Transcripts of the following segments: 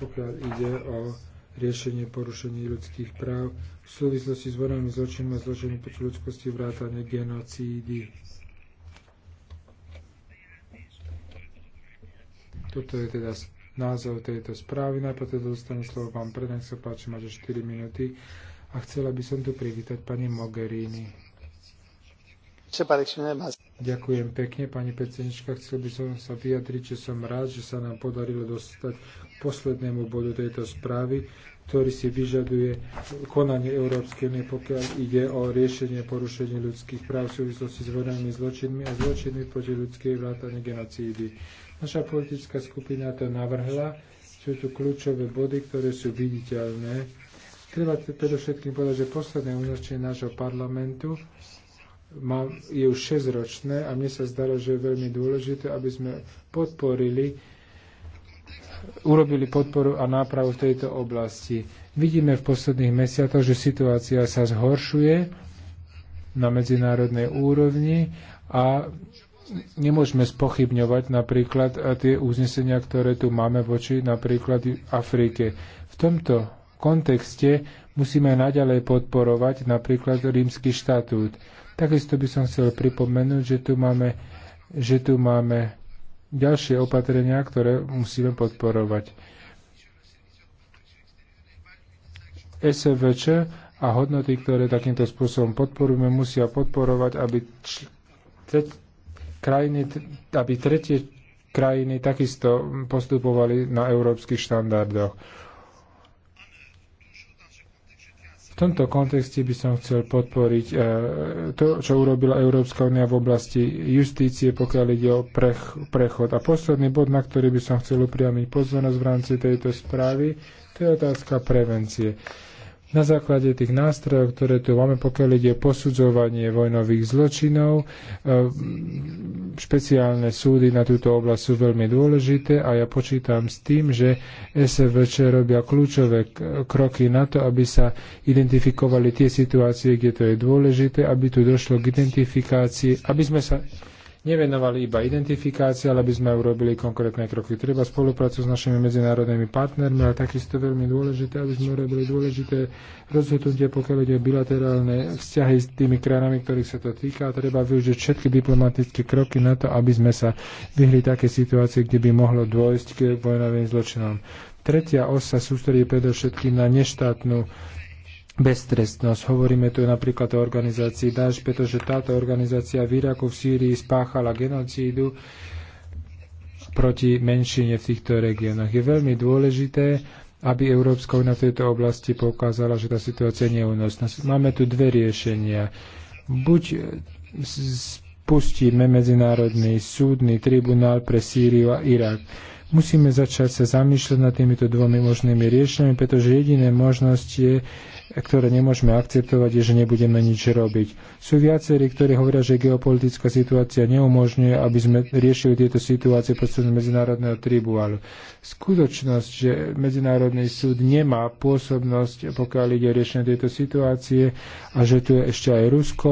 pokiaľ ide o riešenie porušení ľudských práv v súvislosti s vojnami zločinmi a zločinmi proti ľudskosti vrátane genocídy. Toto je teda názov tejto správy. Najprv teda dostane slovo pán Pred, nech sa páči, máte 4 minúty. A chcela by som tu privítať pani Mogherini. Ďakujem pekne, pani predsednička. Chcel by som sa vyjadriť, že som rád, že sa nám podarilo dostať k poslednému bodu tejto správy, ktorý si vyžaduje konanie Európskej únie, pokiaľ ide o riešenie porušenia ľudských práv v súvislosti s vojnami zločinmi a zločinmi proti ľudskej vrátane genocídy. Naša politická skupina to navrhla. Sú tu kľúčové body, ktoré sú viditeľné. Treba predovšetkým povedať, že posledné uznačenie nášho parlamentu mám, je už 6 ročné a mne sa zdalo, že je veľmi dôležité, aby sme podporili, urobili podporu a nápravu v tejto oblasti. Vidíme v posledných mesiacoch, že situácia sa zhoršuje na medzinárodnej úrovni a nemôžeme spochybňovať napríklad tie uznesenia, ktoré tu máme voči napríklad v Afrike. V tomto kontexte musíme naďalej podporovať napríklad rímsky štatút. Takisto by som chcel pripomenúť, že tu máme, že tu máme ďalšie opatrenia, ktoré musíme podporovať. SVČ a hodnoty, ktoré takýmto spôsobom podporujeme, musia podporovať, aby, krajiny, aby tretie krajiny takisto postupovali na európskych štandardoch. V tomto kontexte by som chcel podporiť e, to, čo urobila Európska únia v oblasti justície, pokiaľ ide o prechod. A posledný bod, na ktorý by som chcel upriamiť pozornosť v rámci tejto správy, to je otázka prevencie na základe tých nástrojov, ktoré tu máme, pokiaľ ide o posudzovanie vojnových zločinov, e, špeciálne súdy na túto oblasť sú veľmi dôležité a ja počítam s tým, že SVČ robia kľúčové kroky na to, aby sa identifikovali tie situácie, kde to je dôležité, aby tu došlo k identifikácii, aby sme sa nevenovali iba identifikácii, ale aby sme urobili konkrétne kroky. Treba spolupracovať s našimi medzinárodnými partnermi, ale takisto veľmi dôležité, aby sme urobili dôležité rozhodnutie, pokiaľ ide o bilaterálne vzťahy s tými krajinami, ktorých sa to týka. Treba využiť všetky diplomatické kroky na to, aby sme sa vyhli také situácie, kde by mohlo dôjsť k vojnovým zločinom. Tretia osa sústredí predovšetkým na neštátnu beztrestnosť. Hovoríme tu napríklad o organizácii Daesh, pretože táto organizácia v Iraku, v Sýrii spáchala genocídu proti menšine v týchto regiónoch. Je veľmi dôležité, aby Európska únia v tejto oblasti pokázala, že tá situácia nie je únosná. Máme tu dve riešenia. Buď spustíme Medzinárodný súdny tribunál pre Sýriu a Irak Musíme začať sa zamýšľať nad týmito dvomi možnými riešeniami, pretože jediné možnosť je, ktoré nemôžeme akceptovať, je, že nebudeme nič robiť. Sú viacerí, ktorí hovoria, že geopolitická situácia neumožňuje, aby sme riešili tieto situácie prostredníctvom medzinárodného tribuálu. Skutočnosť, že Medzinárodný súd nemá pôsobnosť, pokiaľ ide o riešenie tejto situácie a že tu je ešte aj Rusko,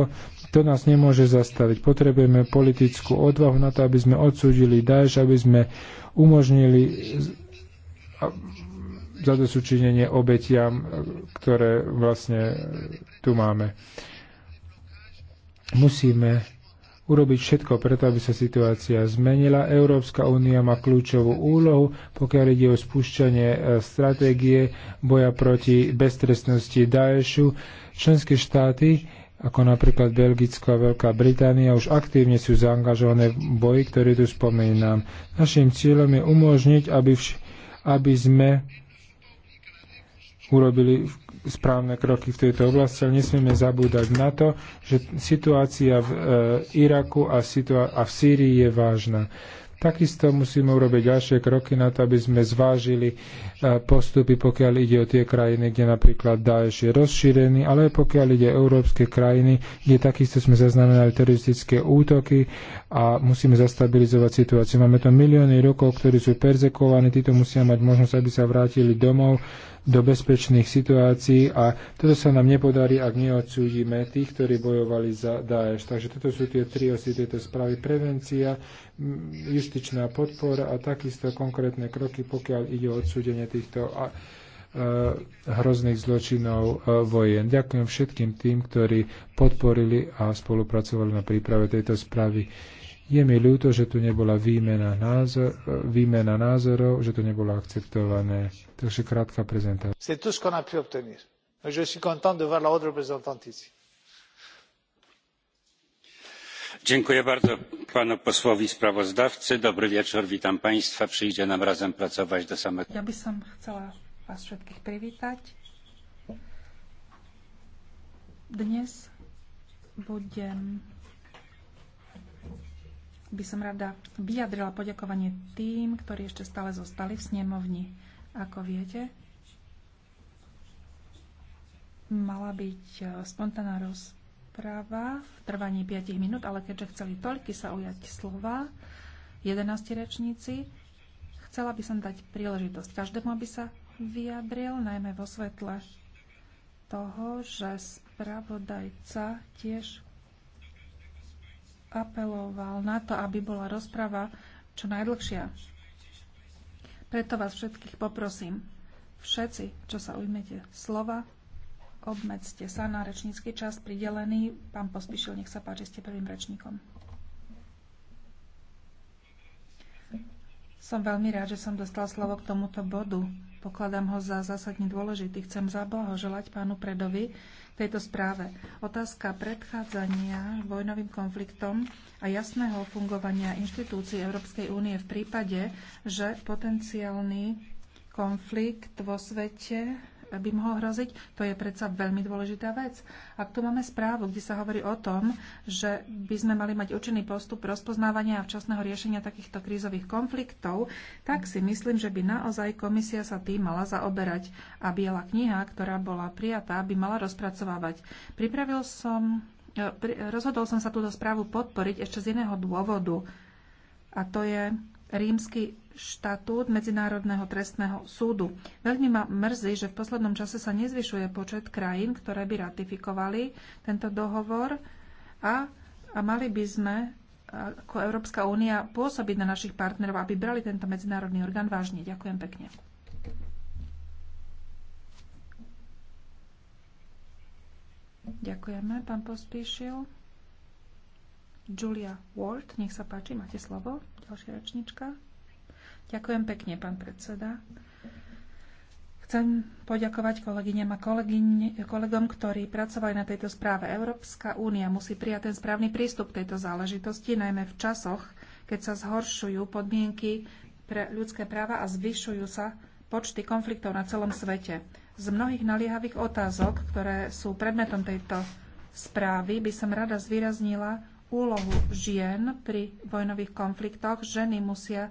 to nás nemôže zastaviť. Potrebujeme politickú odvahu na to, aby sme odsúdili Daesh, aby sme umožnili zadosúčinenie obetiam, ktoré vlastne tu máme. Musíme urobiť všetko preto, aby sa situácia zmenila. Európska únia má kľúčovú úlohu, pokiaľ ide o spúšťanie e, stratégie boja proti beztrestnosti Daešu. Členské štáty ako napríklad Belgicko a Veľká Británia, už aktívne sú zaangažované v boji, ktorý tu spomínam. Našim cieľom je umožniť, aby, vš- aby sme urobili správne kroky v tejto oblasti, ale nesmieme zabúdať na to, že situácia v e, Iraku a, situá- a v Sýrii je vážna. Takisto musíme urobiť ďalšie kroky na to, aby sme zvážili e, postupy, pokiaľ ide o tie krajiny, kde napríklad Daesh je rozšírený, ale aj pokiaľ ide o európske krajiny, kde takisto sme zaznamenali teroristické útoky a musíme zastabilizovať situáciu. Máme to milióny rokov, ktorí sú perzekovaní, títo musia mať možnosť, aby sa vrátili domov do bezpečných situácií a toto sa nám nepodarí, ak neodsúdime tých, ktorí bojovali za Daesh. Takže toto sú tie tri osy tejto správy. Prevencia, justičná podpora a takisto konkrétne kroky, pokiaľ ide o odsúdenie týchto e, hrozných zločinov e, vojen. Ďakujem všetkým tým, ktorí podporili a spolupracovali na príprave tejto správy. Je mi ľúto, že tu nebola výmena, názor, e, výmena názorov, že to nebolo akceptované. Takže krátka prezentácia. C'est tout ce qu'on a pu obtenir. Je suis content de voir la haute représentante ici dziękuję bardzo panu posłowi sprawozdawcy dobry wieczór witam państwa przyjdzie nam razem pracować do samego. ja by som chcela vás všetkých privítať dnes budem by som rada vyjadrila poďakovanie tým, ktorí ešte stále zostali v snemovni. Ako viete, mala byť eh, spontánna rozpráva rozpráva v trvaní 5 minút, ale keďže chceli toľky sa ujať slova, 11 rečníci, chcela by som dať príležitosť každému, aby sa vyjadril, najmä vo svetle toho, že spravodajca tiež apeloval na to, aby bola rozprava čo najdlhšia. Preto vás všetkých poprosím, všetci, čo sa ujmete slova, Obmedzte sa na rečnícky čas pridelený. Pán Pospišil, nech sa páči, ste prvým rečníkom. Som veľmi rád, že som dostal slovo k tomuto bodu. Pokladám ho za zásadne dôležitý. Chcem zablahoželať pánu Predovi tejto správe. Otázka predchádzania vojnovým konfliktom a jasného fungovania inštitúcií Európskej únie v prípade, že potenciálny konflikt vo svete by mohol hroziť, to je predsa veľmi dôležitá vec. Ak tu máme správu, kde sa hovorí o tom, že by sme mali mať účinný postup rozpoznávania a včasného riešenia takýchto krízových konfliktov, tak si myslím, že by naozaj komisia sa tým mala zaoberať a biela kniha, ktorá bola prijatá, by mala rozpracovávať. Pripravil som, e, rozhodol som sa túto správu podporiť ešte z iného dôvodu. A to je rímsky štatút Medzinárodného trestného súdu. Veľmi ma mrzí, že v poslednom čase sa nezvyšuje počet krajín, ktoré by ratifikovali tento dohovor a, a mali by sme ako Európska únia pôsobiť na našich partnerov, aby brali tento medzinárodný orgán vážne. Ďakujem pekne. Ďakujeme, pán Pospíšil. Julia Ward, nech sa páči, máte slovo, ďalšia rečnička. Ďakujem pekne, pán predseda. Chcem poďakovať kolegyňam a kolegom, ktorí pracovali na tejto správe. Európska únia musí prijať ten správny prístup k tejto záležitosti, najmä v časoch, keď sa zhoršujú podmienky pre ľudské práva a zvyšujú sa počty konfliktov na celom svete. Z mnohých naliehavých otázok, ktoré sú predmetom tejto správy, by som rada zvýraznila úlohu žien pri vojnových konfliktoch. Ženy musia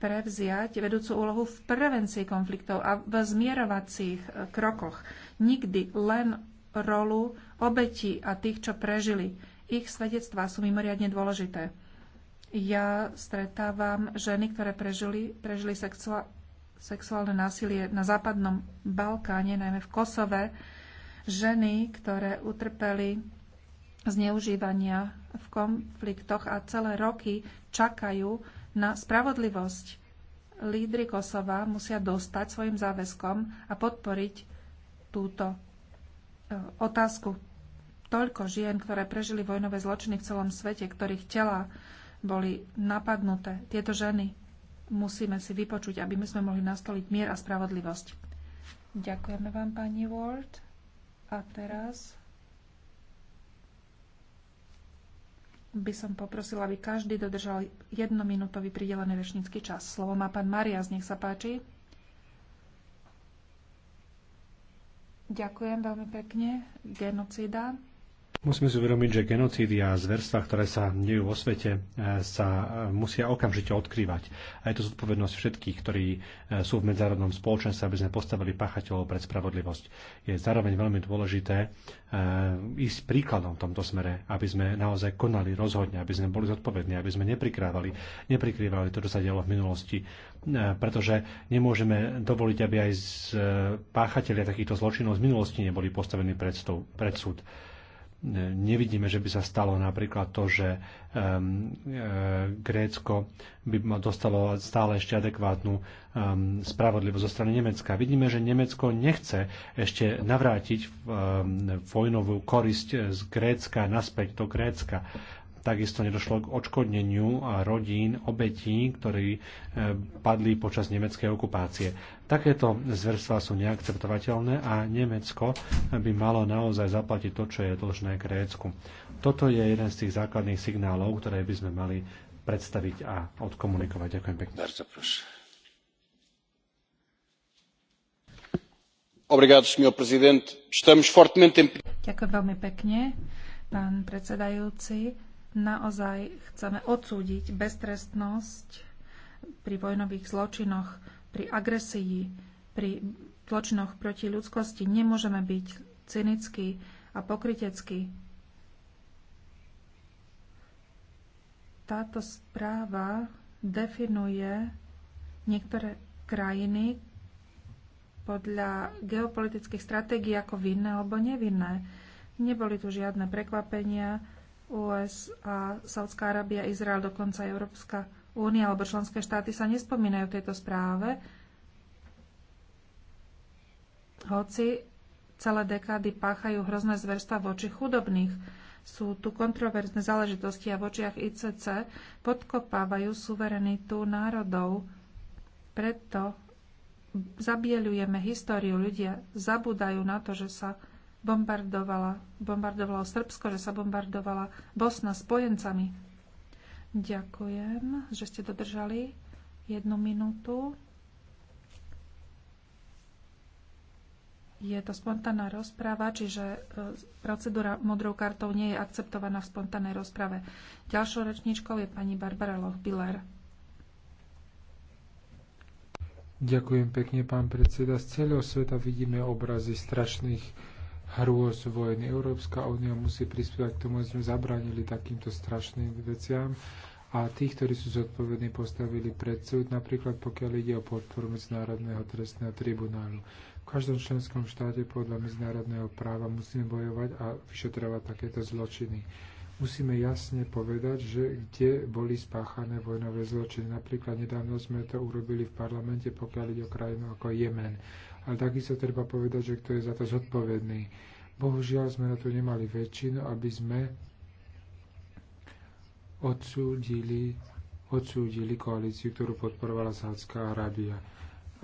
prevziať vedúcu úlohu v prevencii konfliktov a v zmierovacích eh, krokoch. Nikdy len rolu obetí a tých, čo prežili. Ich svedectvá sú mimoriadne dôležité. Ja stretávam ženy, ktoré prežili, prežili sexuálne násilie na západnom Balkáne, najmä v Kosove. Ženy, ktoré utrpeli zneužívania v konfliktoch a celé roky čakajú na spravodlivosť. Lídry Kosova musia dostať svojim záväzkom a podporiť túto e, otázku. Toľko žien, ktoré prežili vojnové zločiny v celom svete, ktorých tela boli napadnuté. Tieto ženy musíme si vypočuť, aby my sme mohli nastoliť mier a spravodlivosť. Ďakujeme vám, pani Ward. A teraz by som poprosila, aby každý dodržal jednominútový pridelený rečnícky čas. Slovo má pán z nech sa páči. Ďakujem veľmi pekne. Genocída. Musíme si uvedomiť, že genocídy a zverstva, ktoré sa dejú vo svete, e, sa e, musia okamžite odkrývať. A je to zodpovednosť všetkých, ktorí e, sú v medzárodnom spoločenstve, aby sme postavili pachateľov pred spravodlivosť. Je zároveň veľmi dôležité ísť príkladom v tomto smere, aby sme naozaj konali rozhodne, aby sme boli zodpovední, aby sme neprikrávali, neprikrývali to, čo sa dialo v minulosti. Pretože nemôžeme dovoliť, aby aj páchatelia takýchto zločinov z minulosti neboli postavení pred, pred súd nevidíme, že by sa stalo napríklad to, že um, e, Grécko by dostalo stále ešte adekvátnu um, spravodlivosť zo strany Nemecka. Vidíme, že Nemecko nechce ešte navrátiť um, vojnovú korisť z Grécka naspäť do Grécka. Takisto nedošlo k odškodneniu rodín obetí, ktorí e, padli počas nemeckej okupácie. Takéto zverstva sú neakceptovateľné a Nemecko by malo naozaj zaplatiť to, čo je dlžné Grécku. Toto je jeden z tých základných signálov, ktoré by sme mali predstaviť a odkomunikovať. Ďakujem pekne. Obrigado, senhor presidente. Estamos fortemente... Ďakujem veľmi pekne, pán predsedajúci naozaj chceme odsúdiť beztrestnosť pri vojnových zločinoch, pri agresii, pri zločinoch proti ľudskosti. Nemôžeme byť cynickí a pokriteckí. Táto správa definuje niektoré krajiny podľa geopolitických stratégií ako vinné alebo nevinné. Neboli tu žiadne prekvapenia, USA, Saudská Arábia, Izrael, dokonca Európska únia alebo členské štáty sa nespomínajú v tejto správe, hoci celé dekády páchajú hrozné zverstva voči chudobných. Sú tu kontroverzné záležitosti a v očiach ICC podkopávajú suverenitu národov. Preto zabieľujeme históriu. Ľudia zabúdajú na to, že sa bombardovala, bombardovalo Srbsko, že sa bombardovala Bosna s spojencami. Ďakujem, že ste dodržali jednu minútu. Je to spontánna rozpráva, čiže e, procedúra modrou kartou nie je akceptovaná v spontánnej rozprave. Ďalšou rečníčkou je pani Barbara Lohbiller. Ďakujem pekne, pán predseda. Z celého sveta vidíme obrazy strašných hrôz vojny. Európska únia musí prispievať k tomu, aby sme zabránili takýmto strašným veciam a tých, ktorí sú zodpovední, postavili pred súd, napríklad pokiaľ ide o podporu Medzinárodného trestného tribunálu. V každom členskom štáte podľa medzinárodného práva musíme bojovať a vyšetrovať takéto zločiny musíme jasne povedať, že kde boli spáchané vojnové zločiny. Napríklad nedávno sme to urobili v parlamente, pokiaľ ide o krajinu ako Jemen. Ale takisto treba povedať, že kto je za to zodpovedný. Bohužiaľ sme na to nemali väčšinu, aby sme odsúdili, odsúdili koalíciu, ktorú podporovala Sádzka Arábia.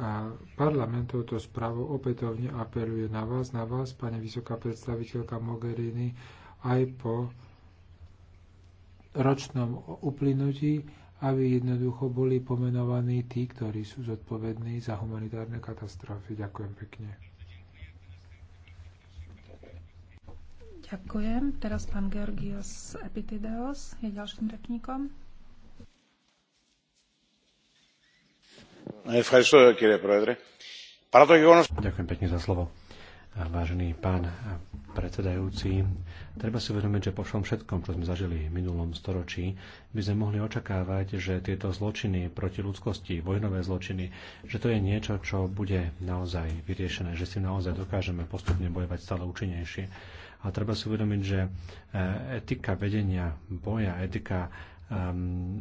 A parlament touto správou opätovne apeluje na vás, na vás, pani vysoká predstaviteľka Mogherini, aj po ročnom uplynutí, aby jednoducho boli pomenovaní tí, ktorí sú zodpovední za humanitárne katastrofy. Ďakujem pekne. Ďakujem. Teraz pán Georgios Epitideos je ďalším rečníkom. Ďakujem pekne za slovo Vážený pán predsedajúci, treba si uvedomiť, že po všom všetkom, čo sme zažili v minulom storočí, by sme mohli očakávať, že tieto zločiny proti ľudskosti, vojnové zločiny, že to je niečo, čo bude naozaj vyriešené, že si naozaj dokážeme postupne bojovať stále účinnejšie. A treba si uvedomiť, že eh, etika vedenia boja, etika um,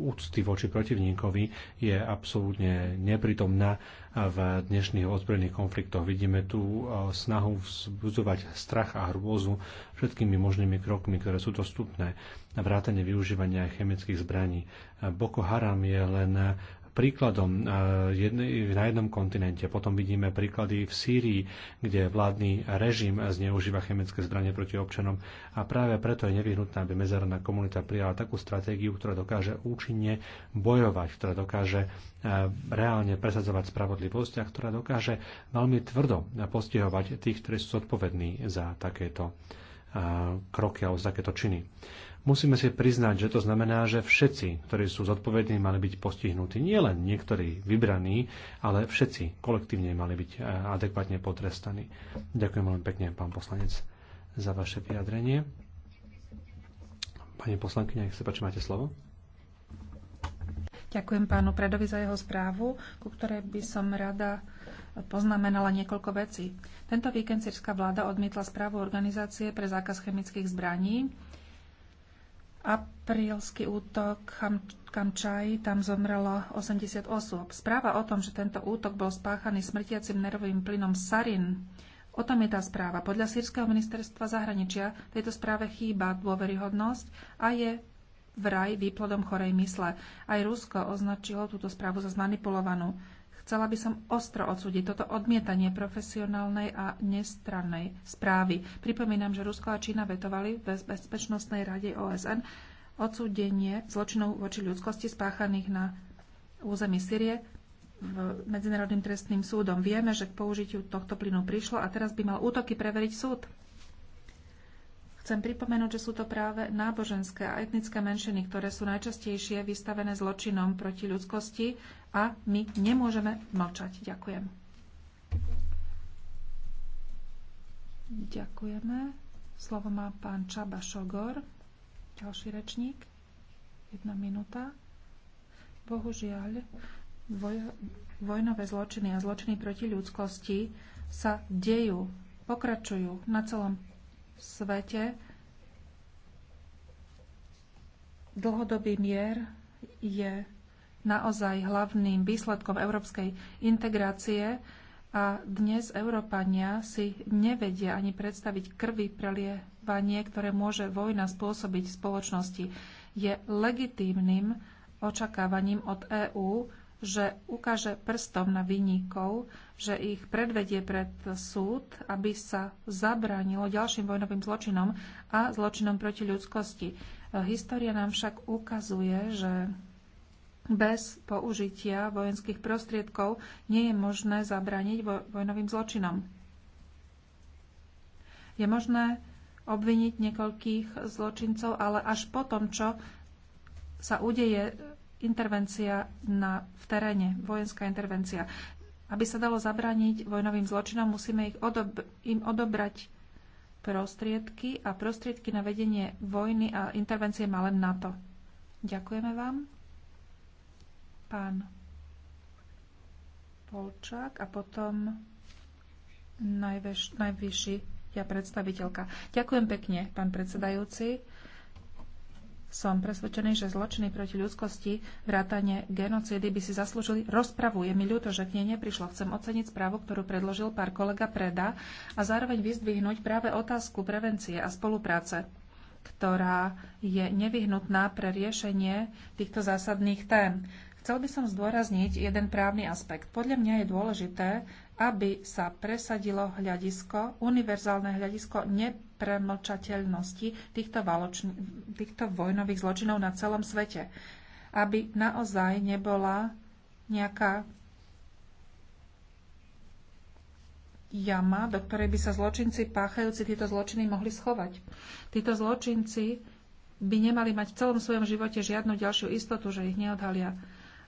úcty voči protivníkovi je absolútne nepritomná v dnešných ozbrojených konfliktoch. Vidíme tu e, snahu vzbudzovať strach a hrôzu všetkými možnými krokmi, ktoré sú dostupné, vrátane využívania chemických zbraní. Boko Haram je len príkladom e, na jednom kontinente. Potom vidíme príklady v Sýrii, kde vládny režim zneužíva chemické zbranie proti občanom a práve preto je nevyhnutná, aby medzinárodná komunita prijala takú stratégiu, ktorá dokáže účinne bojovať, ktorá dokáže e, reálne presadzovať spravodlivosť a ktorá dokáže veľmi tvrdo postihovať tých, ktorí sú zodpovední za takéto e, kroky alebo za takéto činy. Musíme si priznať, že to znamená, že všetci, ktorí sú zodpovední, mali byť postihnutí. Nie len niektorí vybraní, ale všetci kolektívne mali byť eh, adekvátne potrestaní. Ďakujem veľmi pekne, pán poslanec, za vaše vyjadrenie. Pani poslankyňa, nech sa páči, máte slovo. Ďakujem pánu Predovi za jeho správu, ku ktorej by som rada poznamenala niekoľko vecí. Tento víkend sírska vláda odmietla správu organizácie pre zákaz chemických zbraní, aprílsky útok Kamčaj, tam zomrelo 80 osôb. Správa o tom, že tento útok bol spáchaný smrtiacim nervovým plynom sarin, o tom je tá správa. Podľa sírskeho ministerstva zahraničia tejto správe chýba dôveryhodnosť a je vraj výplodom chorej mysle. Aj Rusko označilo túto správu za zmanipulovanú. Chcela by som ostro odsúdiť toto odmietanie profesionálnej a nestrannej správy. Pripomínam, že Rusko a Čína vetovali v Bezpečnostnej rade OSN odsúdenie zločinov voči ľudskosti spáchaných na území Syrie v Medzinárodným trestným súdom. Vieme, že k použitiu tohto plynu prišlo a teraz by mal útoky preveriť súd. Chcem pripomenúť, že sú to práve náboženské a etnické menšiny, ktoré sú najčastejšie vystavené zločinom proti ľudskosti a my nemôžeme mlčať. Ďakujem. Ďakujeme. Slovo má pán Čaba Šogor, ďalší rečník. Jedna minúta. Bohužiaľ, voj- vojnové zločiny a zločiny proti ľudskosti sa dejú, pokračujú na celom svete. Dlhodobý mier je naozaj hlavným výsledkom európskej integrácie a dnes Európania si nevedia ani predstaviť krvi prelievanie, ktoré môže vojna spôsobiť v spoločnosti. Je legitímnym očakávaním od EÚ, že ukáže prstom na vinníkov, že ich predvedie pred súd, aby sa zabránilo ďalším vojnovým zločinom a zločinom proti ľudskosti. E, história nám však ukazuje, že bez použitia vojenských prostriedkov nie je možné zabrániť vojnovým zločinom. Je možné obviniť niekoľkých zločincov, ale až po tom, čo sa udeje intervencia na, v teréne, vojenská intervencia. Aby sa dalo zabrániť vojnovým zločinom, musíme ich odob- im odobrať prostriedky a prostriedky na vedenie vojny a intervencie má len NATO. Ďakujeme vám. Pán Polčák a potom najvyšší ja predstaviteľka. Ďakujem pekne, pán predsedajúci. Som presvedčený, že zločiny proti ľudskosti, vrátanie genocídy by si zaslúžili rozpravu. Je mi ľúto, že k nej neprišlo. Chcem oceniť správu, ktorú predložil pár kolega Preda a zároveň vyzdvihnúť práve otázku prevencie a spolupráce, ktorá je nevyhnutná pre riešenie týchto zásadných tém. Chcel by som zdôrazniť jeden právny aspekt. Podľa mňa je dôležité, aby sa presadilo hľadisko, univerzálne hľadisko nepremlčateľnosti týchto, valočn- týchto vojnových zločinov na celom svete. Aby naozaj nebola nejaká jama, do ktorej by sa zločinci páchajúci tieto zločiny mohli schovať. Títo zločinci by nemali mať v celom svojom živote žiadnu ďalšiu istotu, že ich neodhalia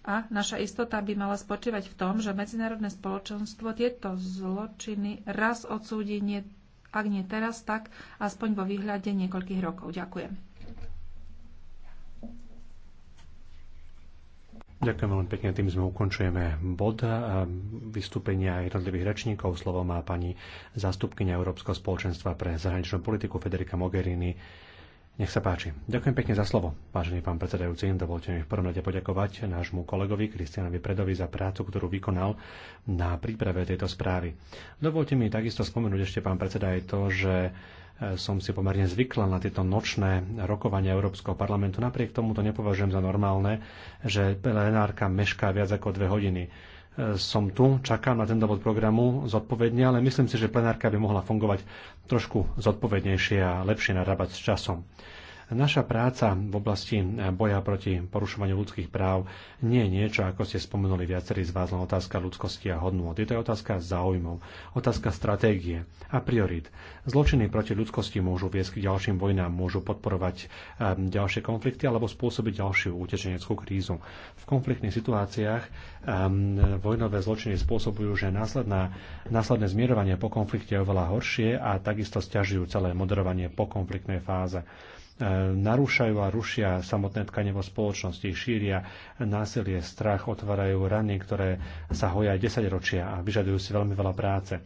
a naša istota by mala spočívať v tom, že medzinárodné spoločenstvo tieto zločiny raz odsúdi, nie, ak nie teraz, tak aspoň vo výhľade niekoľkých rokov. Ďakujem. Ďakujem veľmi pekne, tým sme ukončujeme bod vystúpenia jednotlivých rečníkov. Slovo má pani zástupkynia Európskeho spoločenstva pre zahraničnú politiku Federika Mogherini. Nech sa páči. Ďakujem pekne za slovo, vážený pán predsedajúci. Dovolte mi v prvom rade poďakovať nášmu kolegovi Kristianovi Predovi za prácu, ktorú vykonal na príprave tejto správy. Dovolte mi takisto spomenúť ešte, pán predseda, aj to, že e, som si pomerne zvykla na tieto nočné rokovania Európskeho parlamentu. Napriek tomu to nepovažujem za normálne, že plenárka mešká viac ako dve hodiny som tu, čakám na tento bod programu zodpovedne, ale myslím si, že plenárka by mohla fungovať trošku zodpovednejšie a lepšie narábať s časom. Naša práca v oblasti eh, boja proti porušovaniu ľudských práv nie je niečo, ako ste spomenuli viacerí z vás, len otázka ľudskosti a hodnôt. Je to otázka záujmov, otázka stratégie a priorit. Zločiny proti ľudskosti môžu viesť k ďalším vojnám, môžu podporovať eh, ďalšie konflikty alebo spôsobiť ďalšiu utečeneckú krízu. V konfliktných situáciách ehm, vojnové zločiny spôsobujú, že následná, následné zmierovanie po konflikte je oveľa horšie a takisto stiažujú celé moderovanie po konfliktnej fáze. E, narúšajú a rušia samotné vo spoločnosti, šíria násilie, strach, otvárajú rany, ktoré sa hoja 10 ročia a vyžadujú si veľmi veľa práce.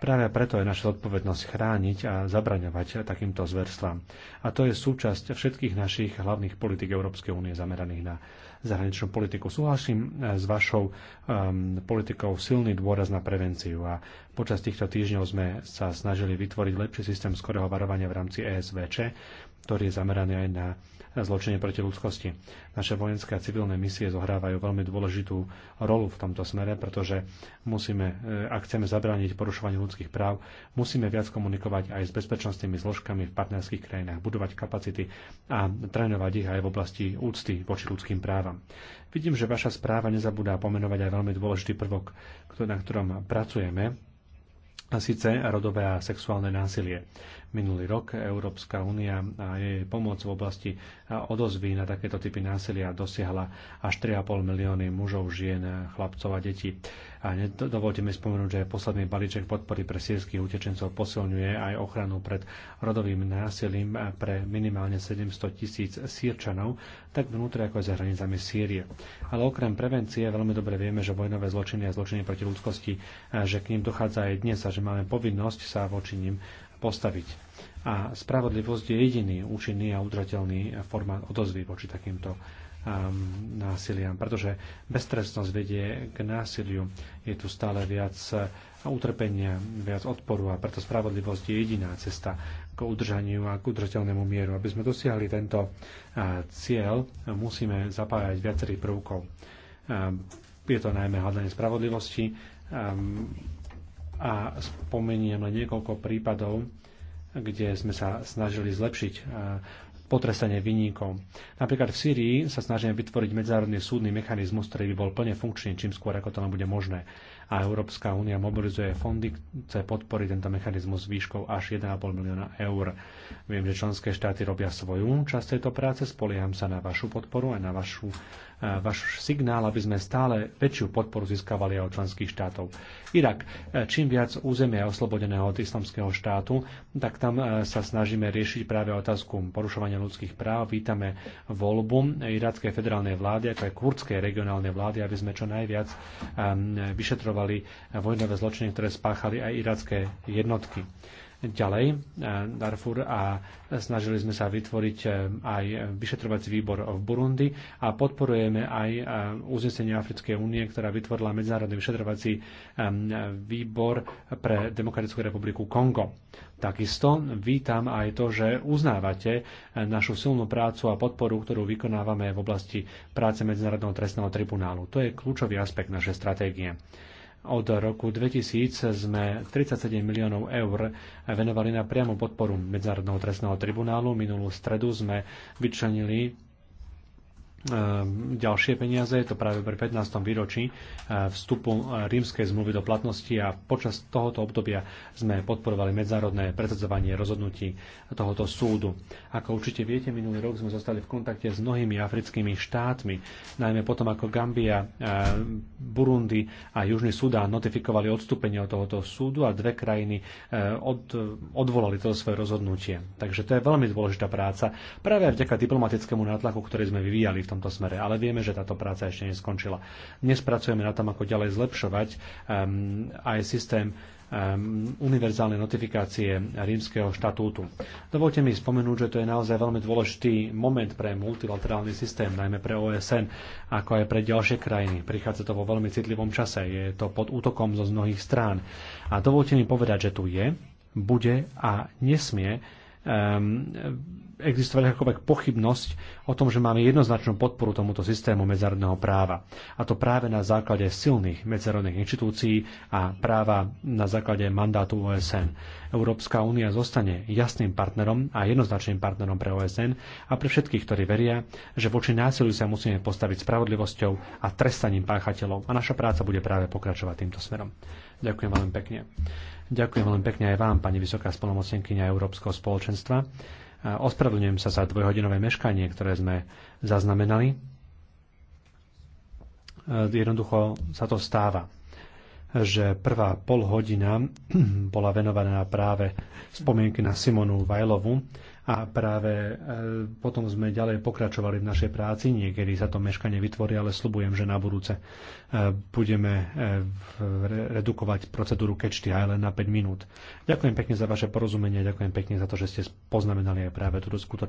Práve preto je naša zodpovednosť chrániť a zabraňovať takýmto zverstvám. A to je súčasť všetkých našich hlavných politik Európskej únie zameraných na zahraničnú politiku. Súhlasím e, s vašou um, politikou silný dôraz na prevenciu a počas týchto týždňov sme sa snažili vytvoriť lepší systém skorého varovania v rámci ESVČ ktorý je zameraný aj na zločine proti ľudskosti. Naše vojenské a civilné misie zohrávajú veľmi dôležitú rolu v tomto smere, pretože musíme, e, ak chceme zabrániť porušovaniu ľudských práv, musíme viac komunikovať aj s bezpečnostnými zložkami v partnerských krajinách, budovať kapacity a trénovať ich aj v oblasti úcty voči ľudským právam. Vidím, že vaša správa nezabudá pomenovať aj veľmi dôležitý prvok, na ktorom pracujeme, a síce rodové a sexuálne násilie. Minulý rok Európska únia a jej pomoc v oblasti odozvy na takéto typy násilia dosiahla až 3,5 milióny mužov, žien, chlapcov a detí. A dovolte mi spomenúť, že posledný balíček podpory pre sírskych utečencov posilňuje aj ochranu pred rodovým násilím pre minimálne 700 tisíc sírčanov, tak vnútri ako aj za hranicami Sýrie. Ale okrem prevencie veľmi dobre vieme, že vojnové zločiny a zločiny proti ľudskosti, že k ním dochádza aj dnes a že máme povinnosť sa voči nim postaviť. A spravodlivosť je jediný účinný a udržateľný formát odozvy voči takýmto um, násiliam, pretože beztrestnosť vedie k násiliu. Je tu stále viac uh, utrpenia, viac odporu a preto spravodlivosť je jediná cesta k udržaniu a k udržateľnému mieru. Aby sme dosiahli tento uh, cieľ, musíme zapájať viacerých prvkov. Um, je to najmä hľadanie spravodlivosti, um, a spomeniem len niekoľko prípadov, kde sme sa snažili zlepšiť e, potrestanie vinníkov. Napríklad v Sýrii sa snažíme vytvoriť medzárodný súdny mechanizmus, ktorý by bol plne funkčný čím skôr, ako to len bude možné. A Európska únia mobilizuje fondy, chce podporiť tento mechanizmus výškou až 1,5 milióna eur. Viem, že členské štáty robia svoju časť tejto práce, spolieham sa na vašu podporu a na vašu Eh, váš signál, aby sme stále väčšiu podporu získavali aj od členských štátov. Irak, eh, čím viac územia je oslobodeného od islamského štátu, tak tam eh, sa snažíme riešiť práve otázku porušovania ľudských práv. Vítame voľbu irackej federálnej vlády, ako aj kurdskej regionálnej vlády, aby sme čo najviac vyšetrovali vojnové zločiny, ktoré spáchali aj iracké jednotky ďalej e, Darfur a snažili sme sa vytvoriť e, aj vyšetrovací výbor v Burundi a podporujeme aj e, uznesenie Africkej únie, ktorá vytvorila medzinárodný vyšetrovací výbor pre Demokratickú republiku Kongo. Takisto vítam aj to, že uznávate našu silnú prácu a podporu, ktorú vykonávame v oblasti práce Medzinárodného trestného tribunálu. To je kľúčový aspekt našej stratégie. Od roku 2000 sme 37 miliónov eur venovali na priamu podporu Medzárodného trestného tribunálu. Minulú stredu sme vyčlenili Ehm, ďalšie peniaze, je to práve pri 15. výročí ehm, vstupu ehm, rímskej zmluvy do platnosti a počas tohoto obdobia sme podporovali medzárodné predsadzovanie rozhodnutí tohoto súdu. Ako určite viete, minulý rok sme zostali v kontakte s mnohými africkými štátmi, najmä potom ako Gambia, Burundi a Južný Sudán notifikovali odstúpenie od tohoto súdu a dve krajiny od, odvolali toto svoje rozhodnutie. Takže to je veľmi dôležitá práca, práve vďaka diplomatickému nátlaku, ktorý sme vyvíjali v tomto smere. Ale vieme, že táto práca ešte neskončila. Dnes pracujeme na tom, ako ďalej zlepšovať um, aj systém um, univerzálnej notifikácie rímskeho štatútu. Dovolte mi spomenúť, že to je naozaj veľmi dôležitý moment pre multilaterálny systém, najmä pre OSN, ako aj pre ďalšie krajiny. Prichádza to vo veľmi citlivom čase, je to pod útokom zo mnohých strán. A dovolte mi povedať, že tu je, bude a nesmie um, existovať akokoľvek pochybnosť o tom, že máme jednoznačnú podporu tomuto systému medzárodného práva. A to práve na základe silných medzárodných inštitúcií a práva na základe mandátu OSN. Európska únia zostane jasným partnerom a jednoznačným partnerom pre OSN a pre všetkých, ktorí veria, že voči násiliu sa musíme postaviť spravodlivosťou a trestaním páchateľov a naša práca bude práve pokračovať týmto smerom. Ďakujem veľmi pekne. Ďakujem veľmi pekne aj vám, pani vysoká spolomocnenkynia Európskeho spoločenstva. Ospravedlňujem sa za dvojhodinové meškanie, ktoré sme zaznamenali. E, jednoducho sa to stáva že prvá pol hodina bola venovaná práve spomienky na Simonu Vajlovu a práve e, potom sme ďalej pokračovali v našej práci. Niekedy sa to meškanie vytvorí, ale slubujem, že na budúce e, budeme e, redukovať procedúru catch aj len na 5 minút. Ďakujem pekne za vaše porozumenie, ďakujem pekne za to, že ste poznamenali aj práve túto skutočnosť.